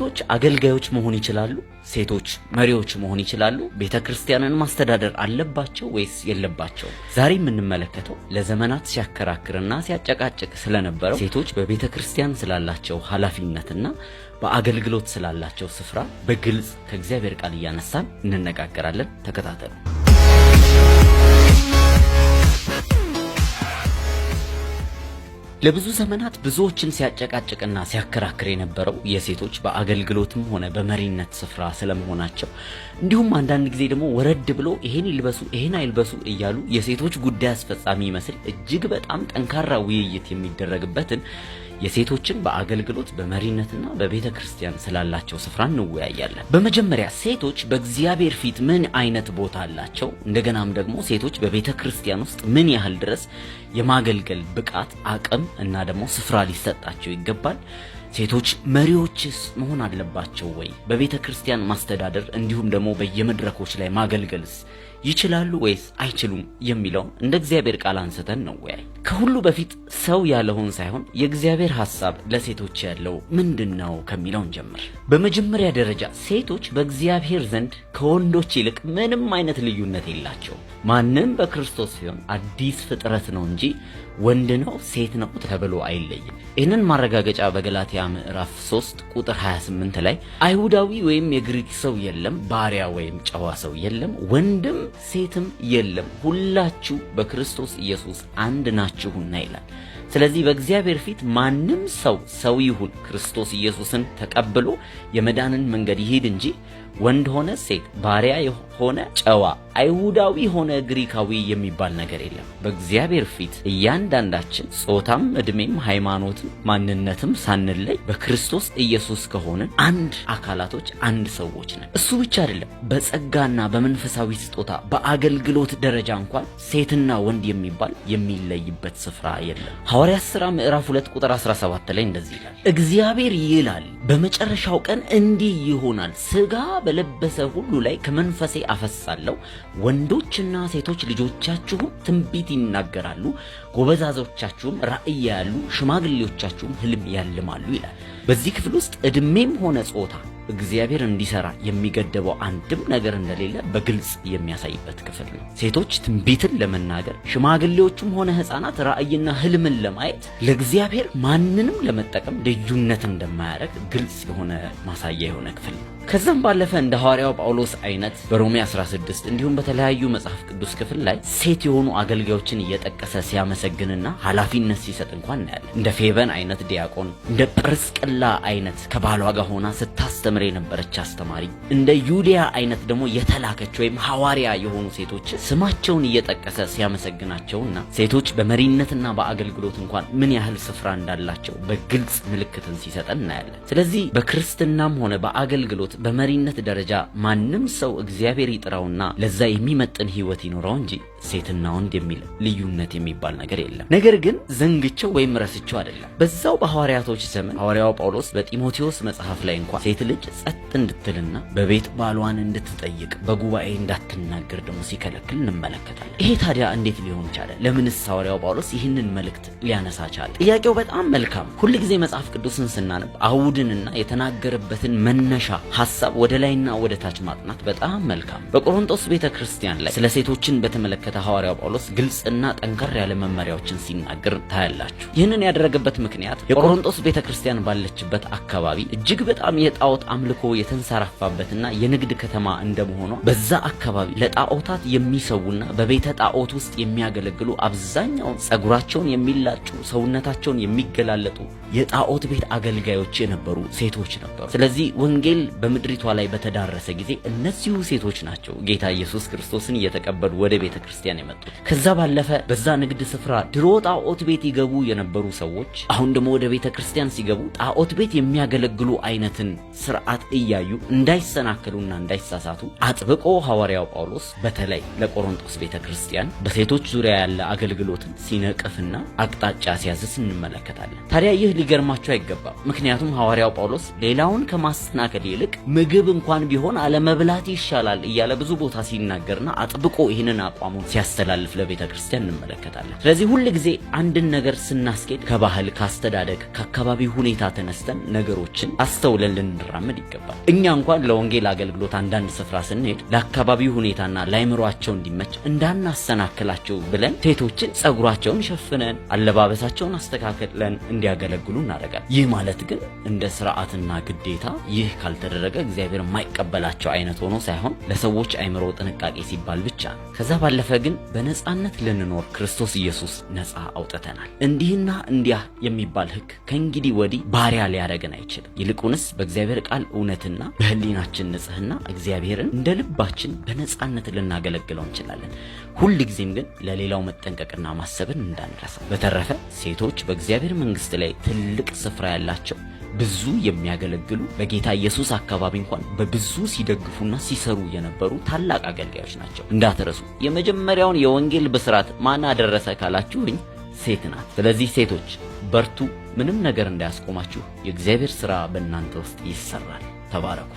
ሴቶች አገልጋዮች መሆን ይችላሉ? ሴቶች መሪዎች መሆን ይችላሉ? ቤተ ክርስቲያንን ማስተዳደር አለባቸው ወይስ የለባቸው? ዛሬ የምንመለከተው ለዘመናት ሲያከራክርና ሲያጨቃጭቅ ስለነበረው ሴቶች በቤተ ክርስቲያን ስላላቸው ኃላፊነትና በአገልግሎት ስላላቸው ስፍራ በግልጽ ከእግዚአብሔር ቃል እያነሳን እንነጋገራለን። ተከታተሉ። ለብዙ ዘመናት ብዙዎችን ሲያጨቃጭቅና ሲያከራክር የነበረው የሴቶች በአገልግሎትም ሆነ በመሪነት ስፍራ ስለመሆናቸው እንዲሁም አንዳንድ ጊዜ ደግሞ ወረድ ብሎ ይሄን ይልበሱ ይሄን አይልበሱ እያሉ የሴቶች ጉዳይ አስፈጻሚ ይመስል እጅግ በጣም ጠንካራ ውይይት የሚደረግበትን የሴቶችን በአገልግሎት በመሪነትና በቤተ ክርስቲያን ስላላቸው ስፍራ እንወያያለን። በመጀመሪያ ሴቶች በእግዚአብሔር ፊት ምን አይነት ቦታ አላቸው? እንደገናም ደግሞ ሴቶች በቤተ ክርስቲያን ውስጥ ምን ያህል ድረስ የማገልገል ብቃት፣ አቅም እና ደግሞ ስፍራ ሊሰጣቸው ይገባል? ሴቶች መሪዎችስ መሆን አለባቸው ወይ? በቤተ ክርስቲያን ማስተዳደር እንዲሁም ደግሞ በየመድረኮች ላይ ማገልገልስ ይችላሉ ወይስ አይችሉም የሚለው እንደ እግዚአብሔር ቃል አንስተን ነው ወያይ። ከሁሉ በፊት ሰው ያለውን ሳይሆን የእግዚአብሔር ሐሳብ ለሴቶች ያለው ምንድን ነው ከሚለው ጀምር በመጀመሪያ ደረጃ ሴቶች በእግዚአብሔር ዘንድ ከወንዶች ይልቅ ምንም አይነት ልዩነት የላቸው። ማንም በክርስቶስ ሲሆን አዲስ ፍጥረት ነው እንጂ ወንድ ነው ሴት ነው ተብሎ አይለይም። ይህንን ማረጋገጫ በገላትያ ምዕራፍ 3 ቁጥር 28 ላይ አይሁዳዊ ወይም የግሪክ ሰው የለም፣ ባሪያ ወይም ጨዋ ሰው የለም፣ ወንድም ሴትም የለም ሁላችሁ በክርስቶስ ኢየሱስ አንድ ናችሁና ይላል። ስለዚህ በእግዚአብሔር ፊት ማንም ሰው ሰው ይሁን ክርስቶስ ኢየሱስን ተቀብሎ የመዳንን መንገድ ይሄድ እንጂ ወንድ ሆነ ሴት፣ ባሪያ የሆነ ጨዋ፣ አይሁዳዊ ሆነ ግሪካዊ የሚባል ነገር የለም። በእግዚአብሔር ፊት እያንዳንዳችን ጾታም፣ እድሜም ሃይማኖትም፣ ማንነትም ሳንለይ በክርስቶስ ኢየሱስ ከሆንን አንድ አካላቶች፣ አንድ ሰዎች ነን። እሱ ብቻ አይደለም፣ በጸጋና በመንፈሳዊ ስጦታ በአገልግሎት ደረጃ እንኳን ሴትና ወንድ የሚባል የሚለይበት ስፍራ የለም። ሐዋርያት ሥራ ምዕራፍ 2 ቁጥር 17 ላይ እንደዚህ ይላል፣ እግዚአብሔር ይላል በመጨረሻው ቀን እንዲህ ይሆናል፣ ሥጋ በለበሰ ሁሉ ላይ ከመንፈሴ አፈሳለሁ፣ ወንዶችና ሴቶች ልጆቻችሁም ትንቢት ይናገራሉ፣ ጎበዛዞቻችሁም ራእይ ያያሉ፣ ሽማግሌዎቻችሁም ህልም ያልማሉ ይላል። በዚህ ክፍል ውስጥ ዕድሜም ሆነ ጾታ እግዚአብሔር እንዲሰራ የሚገደበው አንድም ነገር እንደሌለ በግልጽ የሚያሳይበት ክፍል ነው። ሴቶች ትንቢትን ለመናገር ሽማግሌዎቹም ሆነ ሕፃናት ራእይና ህልምን ለማየት ለእግዚአብሔር ማንንም ለመጠቀም ልዩነት እንደማያደርግ ግልጽ የሆነ ማሳያ የሆነ ክፍል ነው። ከዛም ባለፈ እንደ ሐዋርያው ጳውሎስ አይነት በሮሜ 16 እንዲሁም በተለያዩ መጽሐፍ ቅዱስ ክፍል ላይ ሴት የሆኑ አገልጋዮችን እየጠቀሰ ሲያመሰግንና ኃላፊነት ሲሰጥ እንኳን እናያለን። እንደ ፌበን አይነት ዲያቆን፣ እንደ ጵርስቅላ አይነት ከባሏ ጋር ሆና ስታስተምር ታስተምር የነበረች አስተማሪ እንደ ዩዲያ አይነት ደግሞ የተላከች ወይም ሐዋርያ የሆኑ ሴቶች ስማቸውን እየጠቀሰ ሲያመሰግናቸውና ሴቶች በመሪነትና በአገልግሎት እንኳን ምን ያህል ስፍራ እንዳላቸው በግልጽ ምልክትን ሲሰጠን እናያለን። ስለዚህ በክርስትናም ሆነ በአገልግሎት በመሪነት ደረጃ ማንም ሰው እግዚአብሔር ይጥራውና ለዛ የሚመጥን ህይወት ይኖረው እንጂ ሴትና ወንድ የሚል ልዩነት የሚባል ነገር የለም። ነገር ግን ዘንግቸው ወይም ረስቸው አይደለም። በዛው በሐዋርያቶች ዘመን ሐዋርያው ጳውሎስ በጢሞቴዎስ መጽሐፍ ላይ እንኳን ሴት ልጅ ውጭ ጸጥ እንድትልና በቤት ባሏን እንድትጠይቅ በጉባኤ እንዳትናገር ደግሞ ሲከለክል እንመለከታለን። ይሄ ታዲያ እንዴት ሊሆን ቻለ? ለምንስ ሐዋርያው ጳውሎስ ይህንን መልእክት ሊያነሳ ቻለ? ጥያቄው በጣም መልካም። ሁልጊዜ መጽሐፍ ቅዱስን ስናነብ አውድንና የተናገረበትን መነሻ ሀሳብ ወደ ላይና ወደ ታች ማጥናት በጣም መልካም። በቆሮንቶስ ቤተ ክርስቲያን ላይ ስለ ሴቶችን በተመለከተ ሐዋርያው ጳውሎስ ግልጽና ጠንከር ያለ መመሪያዎችን ሲናገር ታያላችሁ። ይህንን ያደረገበት ምክንያት የቆሮንቶስ ቤተ ክርስቲያን ባለችበት አካባቢ እጅግ በጣም የጣዖት አምልኮ የተንሰራፋበትና የንግድ ከተማ እንደመሆኗ በዛ አካባቢ ለጣዖታት የሚሰውና በቤተ ጣዖት ውስጥ የሚያገለግሉ አብዛኛውን ጸጉራቸውን የሚላጩ ሰውነታቸውን የሚገላለጡ የጣዖት ቤት አገልጋዮች የነበሩ ሴቶች ነበሩ። ስለዚህ ወንጌል በምድሪቷ ላይ በተዳረሰ ጊዜ እነዚሁ ሴቶች ናቸው ጌታ ኢየሱስ ክርስቶስን እየተቀበሉ ወደ ቤተ ክርስቲያን የመጡት። ከዛ ባለፈ በዛ ንግድ ስፍራ ድሮ ጣዖት ቤት ይገቡ የነበሩ ሰዎች አሁን ደግሞ ወደ ቤተ ክርስቲያን ሲገቡ ጣዖት ቤት የሚያገለግሉ አይነትን ስራ ስርዓት እያዩ እንዳይሰናከሉና እንዳይሳሳቱ አጥብቆ ሐዋርያው ጳውሎስ በተለይ ለቆሮንጦስ ቤተ ክርስቲያን በሴቶች ዙሪያ ያለ አገልግሎትን ሲነቅፍና አቅጣጫ ሲያዝስ እንመለከታለን። ታዲያ ይህ ሊገርማቸው አይገባም። ምክንያቱም ሐዋርያው ጳውሎስ ሌላውን ከማሰናከል ይልቅ ምግብ እንኳን ቢሆን አለመብላት ይሻላል እያለ ብዙ ቦታ ሲናገርና አጥብቆ ይህንን አቋሙን ሲያስተላልፍ ለቤተ ክርስቲያን እንመለከታለን። ስለዚህ ሁል ጊዜ አንድን ነገር ስናስኬድ ከባህል፣ ካስተዳደግ፣ ከአካባቢ ሁኔታ ተነስተን ነገሮችን አስተውለን ልንራመድ ሊለመድ ይገባል። እኛ እንኳን ለወንጌል አገልግሎት አንዳንድ ስፍራ ስንሄድ ለአካባቢው ሁኔታና ለአይምሯቸው እንዲመች እንዳናሰናክላቸው ብለን ሴቶችን ጸጉራቸውን ሸፍነን አለባበሳቸውን አስተካክለን እንዲያገለግሉ እናደርጋል። ይህ ማለት ግን እንደ ስርዓትና ግዴታ ይህ ካልተደረገ እግዚአብሔር የማይቀበላቸው አይነት ሆኖ ሳይሆን ለሰዎች አይምሮ ጥንቃቄ ሲባል ብቻ ነው። ከዛ ባለፈ ግን በነፃነት ልንኖር ክርስቶስ ኢየሱስ ነፃ አውጥተናል። እንዲህና እንዲያ የሚባል ህግ ከእንግዲህ ወዲህ ባሪያ ሊያደረግን አይችልም። ይልቁንስ በእግዚአብሔር ቃል ቃል እውነትና በህሊናችን ንጽህና እግዚአብሔርን እንደ ልባችን በነፃነት ልናገለግለው እንችላለን። ሁል ጊዜም ግን ለሌላው መጠንቀቅና ማሰብን እንዳንረሳ። በተረፈ ሴቶች በእግዚአብሔር መንግስት ላይ ትልቅ ስፍራ ያላቸው ብዙ የሚያገለግሉ በጌታ ኢየሱስ አካባቢ እንኳን በብዙ ሲደግፉና ሲሰሩ የነበሩ ታላቅ አገልጋዮች ናቸው። እንዳትረሱ። የመጀመሪያውን የወንጌል ብስራት ማን አደረሰ ካላችሁኝ ሴት ናት። ስለዚህ ሴቶች በርቱ፣ ምንም ነገር እንዳያስቆማችሁ። የእግዚአብሔር ሥራ በእናንተ ውስጥ ይሰራል። ተባረኩ።